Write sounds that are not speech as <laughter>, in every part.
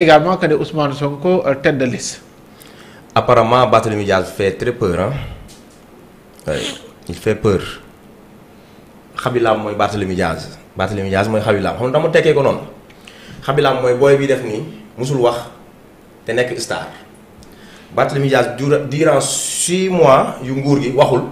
également que ne Ousmane Sonko euh, tête de liste. apparemment Barthélémy fait très peur ah il fait peur xabilaam mooy Barthélémy Diaz Barthélémy Diaz mooy xabilaam xam nga dama tekkee ko noonu xabilaam mooy booy bi def nii musul wax te nekk star Barthélémy Diaz durant six mois yu nguur gi waxul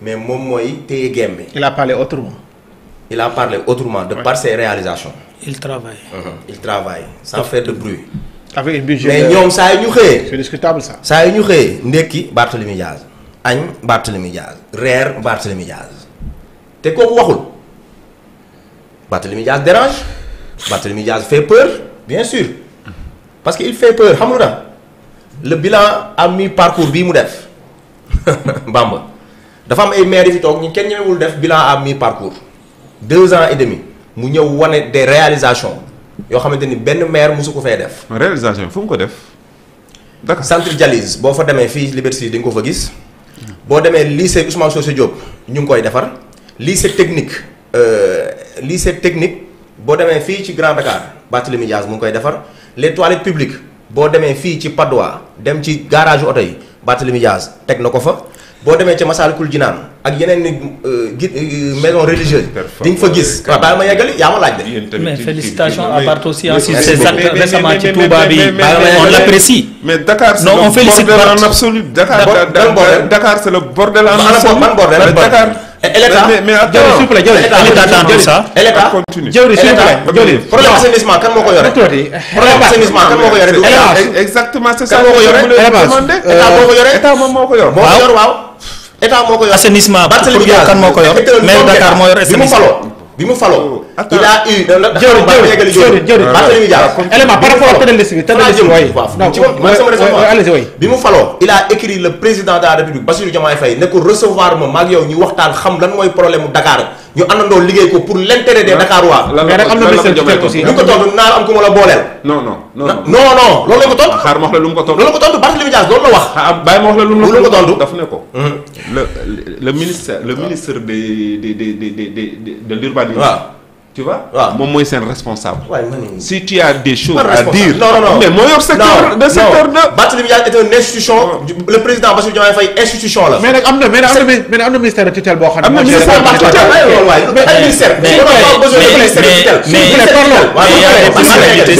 mais moom mooy téye gémbe. il a parlé autrement. il a parlé autrement de ouais. par ses réalisations. il travaille. Mmh. de bruit. avec une budget mais euh, ñoom saa yu ñu xëyee. c'est discutable ça. saa yu ñu xëyee ndekki Barthélemy Diaz añ Barthélemy Diaz reer Barthélemy te kooku waxul Barthélemy Diaz dérange Barthélemy fait peur bien sûr parce que il fait peur xam lu na le bilan à mi-parcours bii mu def <laughs> Bamba dafa am ay maires yi fi toog ñu kenn ñemewul def bilan à mi-parcours. deux ans et demi mu ñëw wane de réalisation yoo xamante ni benn maire mosu ko fee def. réalisation fu mu ko def. d'accord centre dialyse boo fa demee fii Liberté di nga ko fa gis. boo demee lycée Ousmane Socé Diop ñu ngi koy defar. lycée technique euh, lycée technique boo demee fii ci Grand Dakar Barthélémy Dias mu ngi koy defar les toilettes publiques boo demee fii ci Padois dem ci garage oto yi Barthélémy Dias teg na ko fa. boo demee ca Masaalikul Jinaan ak yeneen i euh, euh, maison religieuse di nga fa gis waaw ma yeggali yaa ma laaj de mais félicitations à part aussi ainsi ces actes récemment ci Touba bi on l'apprécie mais Dakar c'est le bordel en absolu Dakar c'est le bordel en absolu ban bordel Dakar et l'État mais jërëjëf s'il vous plaît jërëjëf ah, problème assainissement kan moo ko yore problème moo ko yore exactement moo ko yore état moo ko yore waaw état moo ko yor assainissement pour yow bi mu faloo. il a eu. jërëjëf jërëjëf Barthélémy Dias a écrit le président de la république Bassirou Diomaye Faye ne ko recevoir ma maag yow ñu waxtaan xam lan mooy problème mu Dakar. ñu àndandoo liggéey ko pour l'intérêt des Dakarois. lan la ko lan ko tontu naa am ku ma la booleel. non non non non non loolu ko tontu. xaar ma wax la lu mu ko tontu. loolu la ko tontu Barthélémy Dias loolu la wax. ah bàyyi ma wax la lu mu ko tontu daf ne ko. Mhm. le le ministère le ministre de de de de de de l'urbanisme. tu vois. waaw moom mooy seen responsable. si tu as des choses à dire. non non non mais moo yor secteur. de secteur de. Barthélémy Dias est une institution. le président Bassirou Diomaye Faye institution la. mais nag am na mais nag am na ministère de tutelle boo xam ne. am na ministère de tutelle mais ay ministère. mais mais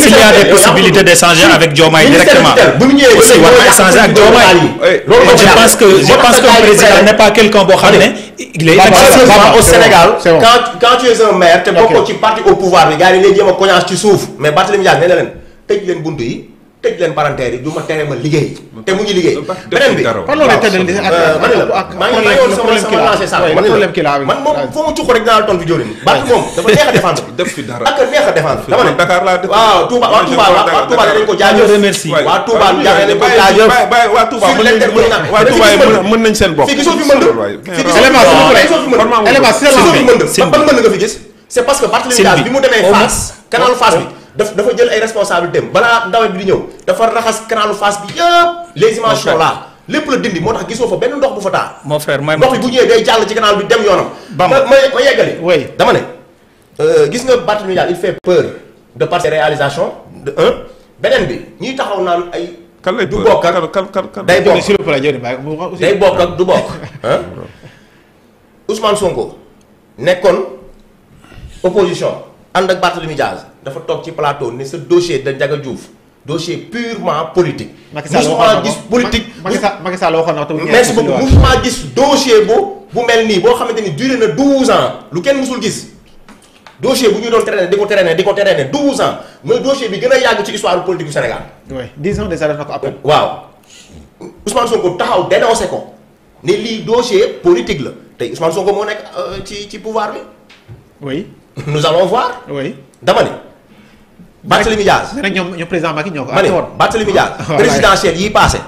s'il y a des possibilités d'échanger avec Diomaye directement. bu ñu ñëwee aussi war na échanger ak Diomaye. loolu je pense que je pense que président n'est pas quelqu'un boo xam ne. malheureusement au Sénégal quand quand tu es un maire te bokkoo ci parti au pouvoir bi a koñaas ci suuf mais Barthélémy Dias nee na leen tëj leen bunt yi tëj leen parenteer yi du tere ma liggéey. te mu ngi liggéey. beneen bi waaw man la man moom foo ma cuq rek dinaa la tontu jóorin. baat moom dafa neex a défendre. def fi dara ak neex a défendre. dama ne Dakar laa def waaw Touba waaw Touba waaw Touba dañ ko jaajëf. remercie waaw Touba dañ ko jaajëf. waaw Touba mën nañ seen bopp. fii gisoo fi mën nga. élément si fi gis c'est parce que Barthélémy Dias bi mu demee Fass canal Fass bi daf dafa jël ay responsabilités am balaa nawet bi di ñëw dafa raxas canaalu Fass bi yëpp. les images sont lépp la dindi moo tax gisoo fa benn ndox bu fa daa mon frère may ndox bi bu ñëwee day jàll ci canal bi dem yoonam. ba ma dama ne. Euh, gis nga Barthélémy Dias il fait beneen bi ñuy taxaw naan ay. kan lay du bokk ak kan kan kan day bokk day bokk ak du bokk. <laughs> Ousmane Sonko nekkoon opposition. ànd ak Barthélémy Dias dafa toog ci plateau ni sa dossier da Ndiaga Diouf dossier purement politique. musuma gis politique. Macky Sall waxoon na ko merci beaucoup musuma gis dossier bu bu mel nii boo xamante ni duré na 12 ans lu kenn musul gis. dossier bu ñu doon traîner di ko traîner di ko traîner 12 ans mooy dossier bi gën a yàgg ci histoire politique du Sénégal. oui 10 ans ko après. waaw Ousmane taxaw dénoncé ko ne lii dossier politique la tey Ousmane ko moo nekk euh, ci ci pouvoir bi. nous allons voir. oui dama ni. Barthélémy Diaz rek ñoom ñoom président Macky ñoo ko. ma ne Barthélémy Diaz présidentielle yi passé.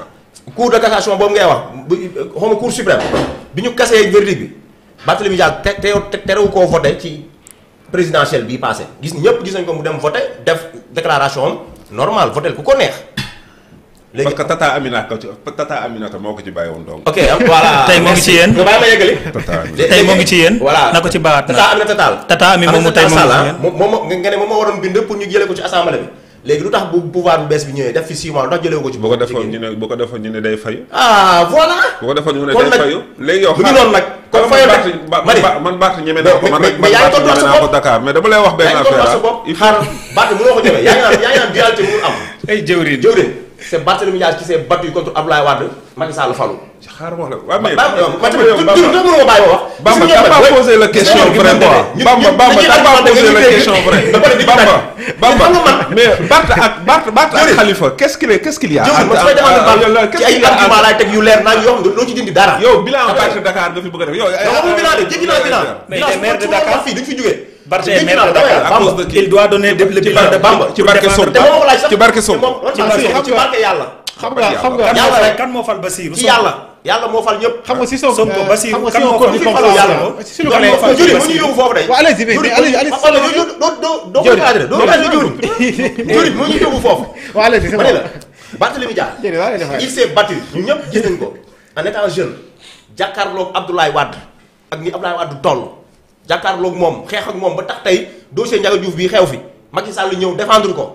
cour de cassation boobu ngay wax bu xaw ma cour suprême bi ñu kasee verdict bi Barthélémy Diaz te te terewu koo voté ci présidentielle bii passé gis ñëpp gis nañ ko mu dem voté def déclaration am normal voté ku ko neex. léegi parce que Tata Amina ko ci Tata Aminata moo ko ci moom moom nga ne moom moo waroon bind pour ñu jëlee ko ci lu tax bu pouvoir bu bees bi ñëwee def fi 6 lu tax jëlee ko ci. bu ko defoon ñu ne bu ko defoon ñu ne day fayu. ah voilà. bu ko defoon ñu ne day fayu. léegi yow xaaral noonu nag. kon fayu ko man dama lay wax benn affaire xaaral ah. Barth mënoo ko yaa ngi naan yaa ngi naan dualité mënul am. ay jëwriñ jëwriñ c' est Barthélémy Dias qui s' est battu contre Abdoulaye Wade Macky Sall xaaral wax la waaw Bamba Bamba t'as pas posé la question vrai quoi Bamba Bamba t'as question vrai Bamba a. Ah, ci teg yu leer nañ yoo xam ne doo ci dindi dara. yow bilan Dakar nga fi bëgg a def yow. Eh, bilan de jéggi naa eh, bilan. Eh, mais maire fii duñ fi jógee. il doit donner le bilan de Bamba ci barke Sow ci barke Sow ci barke yàlla xam nga xam nga yàlla rek kan moo fal Basiru ci yàlla yàlla moo fal ñëpp xam nga si Sonko Sonko Basiru kan moo fal yàlla si lu ko fal juri mu ñu yóbbu foofu day wa allez mais allez allez do do do cadre do cadre juri mu ñu yóbbu foofu wa allez c'est bon Barthélémy Dias il s'est battu ñu ñëpp gis nañ ko en étant jeune jàkkaarloog Abdoulaye Wade ak ni Abdoulaye Wade toll jàkkaarloog moom xeex ak moom ba tax tey dossier Ndiaga Diouf bii xew fi Macky Sall ñëw défendre ko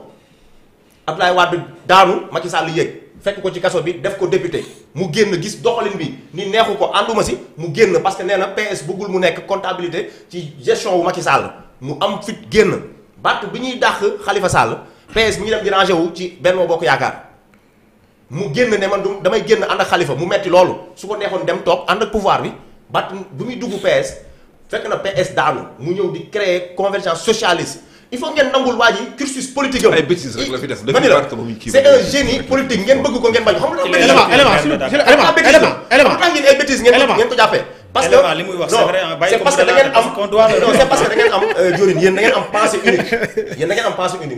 Abdoulaye Wade daanu Macky Sall yéeg fekk ko ci kaso bi def ko député mu génn gis doxalin bi ni neexu ko ànduma si mu génn parce que nee na PS bëggul mu nekk comptabilité ci gestion wu Macky Sall mu am fit génn batt bi ñuy dàq xalifa Sall PS bi ñu dem di wu ci Benno Bokk Yaakaar mu génn ne man du damay génn ànd ak Khalifa mu metti loolu su ko neexoon dem toog ànd pouvoir bi batt bu muy dugg PS fekk na PS daanu mu ñëw di créer convergence socialiste il faut ngeen nangul waa ji cursus politique am. ay c'est un politique ngeen bëgg ko ngeen bañ xam ngeen ay bêtises ngeen ngeen am non c'est parce que ngeen am euh, Diorine yéen <laughs>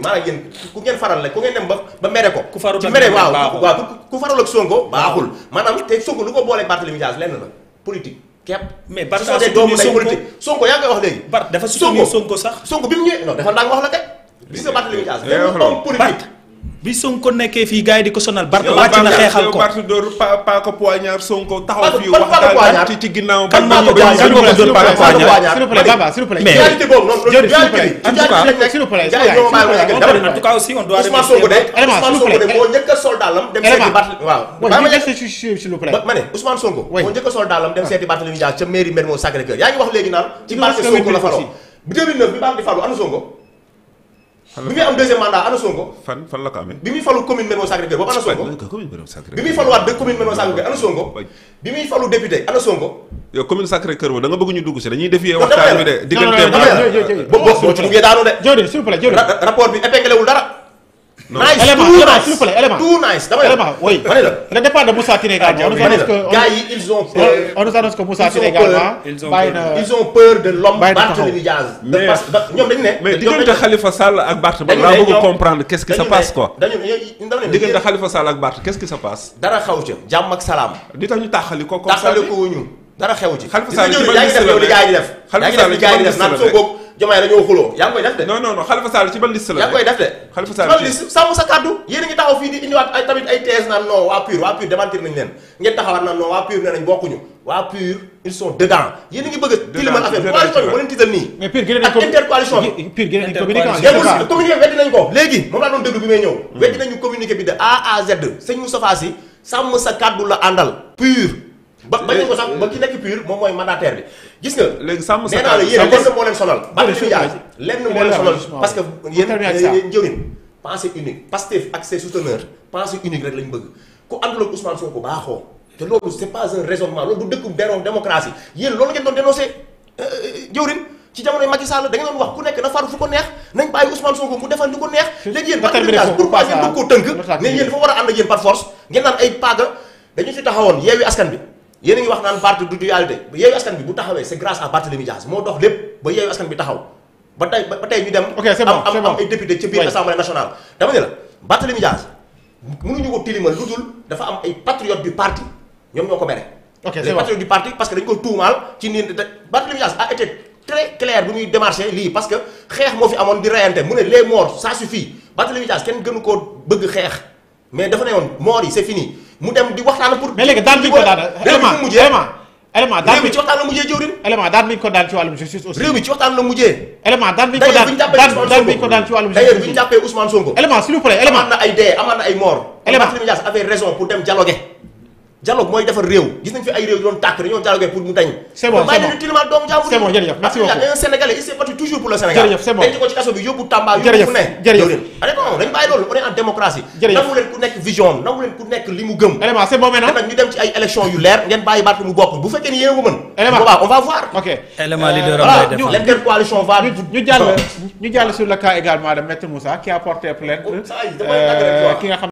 maanaam yéen ku ngeen faral la ku ngeen dem ba mere ko ci mere waaw waaw ku farul ak Sonko baaxul maanaam te Sonko lu ko boolee Barthélémy Dias lenn la politique képp mais Barth daa soutenir Sonko de Sonko yaa ngi koy wax léegi. Barth dafa soutenir Sonko sax Sonko bi mu ñëwee non dafa ndànk wax la kay. gis nga Barth li muy caas. day wax loolu politique bi Sonko nekkee fii gars yi di ko sonal Barth wàcc na xeexal ko Barth dóor paaka poignard Sonko taxaw fii wax daal ci ginnaaw kan moo ko kan moo ko dóor paaka poignard s'il vous plaît Baba s'il vous plaît mais s'il vous plaît en tout cas aussi on doit remercier Sonko de moo njëkk a sol dàllam dem seeti Barth waaw ma ne s'il vous plaît ma ne Ousmane Sonko moo njëkk a sol dàllam dem ah. seeti Barth li ñu jaar ca mairie Mermoz Sacré-Cœur yaa ngi wax léegi naan ci Barth Sonko la faroo bi 2009 bi Barth di falu ana Sonko bi muy am deuxième mandat ana Sonko. fan fan la ko amee. bi muy falu commune Mermoz Sacré-Cœur boobu ana Sonko. commune bi commune Mermoz Sacré-Cœur bi muy falu député ana Sonko. yow commune Sacré-Cœur boobu da nga dugg si dañuy defiyee waxtaan bi de diggante boo ci duggee daanu de rapport bi épinglé dara le départ de Moussa Tine également. gars yi ils ont peur. on diggante Khalifa Sall ak Barth ba laa bëgg comprendre qu'est-ce qui se passe quoi. dañu ne diggante Khalifa Sall ak Barth quest qui se passe. dara xaw ca jàmm ak salaam. di tax ñu tàqali ko comme ça. tàqali ko wuñu dara xew ci. Khalifa Sall li def. Diomaye dañoo xuloo yaa ngi koy def de. non non non Khalifa Sall ci ban liste la. yaa ngi koy def de. Khalifa Sall ci ban liste sàmm sa kàddu. yéen a ngi taxaw fii di indiwaat ay tamit ay thèse naan non waa PUR waa PUR démentir nañ leen ngeen taxawaat naan non waa PUR nee nañ bokkuñu waa PUR ils sont dedans yéen a ngi bëgg a tilimal affaire coalition bi moo leen tiital nii. mais PUR gën nañ ko ak intercoalition bi. PUR gën nañ communiqué en communiqué weddi nañ ko léegi moom laa doon déglu bi may ñëw. Hmm. weddi nañu communiqué bi de A à Z sëñ Moustapha Sy sàmm sa kàddu la àndal PUR ba bañu ko sax ba ki nekk pur moom mooy mandataire bi gis nga léegi sàmm sa kàddu yéen lenn moo leen sonal bàtt fiyaay lenn moo leen sonal parce que yéen unique Pastef ak ses souteneurs rek lañ bëgg ku àndul euh, euh, na faru fu ko neex nañ bàyyi Ousmane Sonko mu defal lu ko neex léegi yéen partage pourquoi ngeen bëgg koo tënk ne yéen dafa war a ànd ak yéen par force ngeen naan ay paaga dañu fi taxawoon yeewi askan bi yéen a ngi wax naan parti du dualité ba yeewu askan bi bu taxawee c'est grâce à Barthélémy Dias moo dox lépp ba yeewu askan bi taxaw ba tey ba tey ñu dem. ok c'est am am ay député ci biir assemblée nationale. dama ne la Barthélémy lii parce que xeex moo fi amoon di reyante mu ne les morts ça suffit Barthélémy Dias kenn gënu koo bëgg xeex mais dafa ne woon morts yi c'est fini. mu dem di waxtaan pour. mais léegi daan bi ko daan élément élément. élément daan daan bi ko daan ci wàllum justice aussi. réew mi ci waxtaan la mujjee. élément daan bi ñu ko daan daan bi ñu ko amaan na ay dee amaan na ay mort. élément Barthélémy Dias avait raison pour dem dialoguer dialogue mooy defar réew gis nañ fi ay réew doon tàkk dañoo dialogué pour mu dañ c'est bon bàyyi nañu tilimal doomu jàmbur c'est bon jërëjëf merci beaucoup un sénégalais il s'est battu toujours pour le Sénégal jërëjëf c'est bon dañ ko ci kaso bi yóbbu Tamba yóbbu fu ne jërëjëf allez ah, bon dañ bàyyi loolu on est en démocratie nangu leen ku nekk vision am nangu leen ku nekk li mu gëm élément c'est bon maintenant nag ñu dem ci ay élection yu leer ngeen bàyyi baat mu bokk bu fekkee ni yéen a ko mën élément boobaa on va voir ok élément euh, leader am lay def l'intercoalition va ñu jàll <laughs> ñu jàll sur le cas également de Maître Moussa qui a porté plainte oh, euh, ki nga xam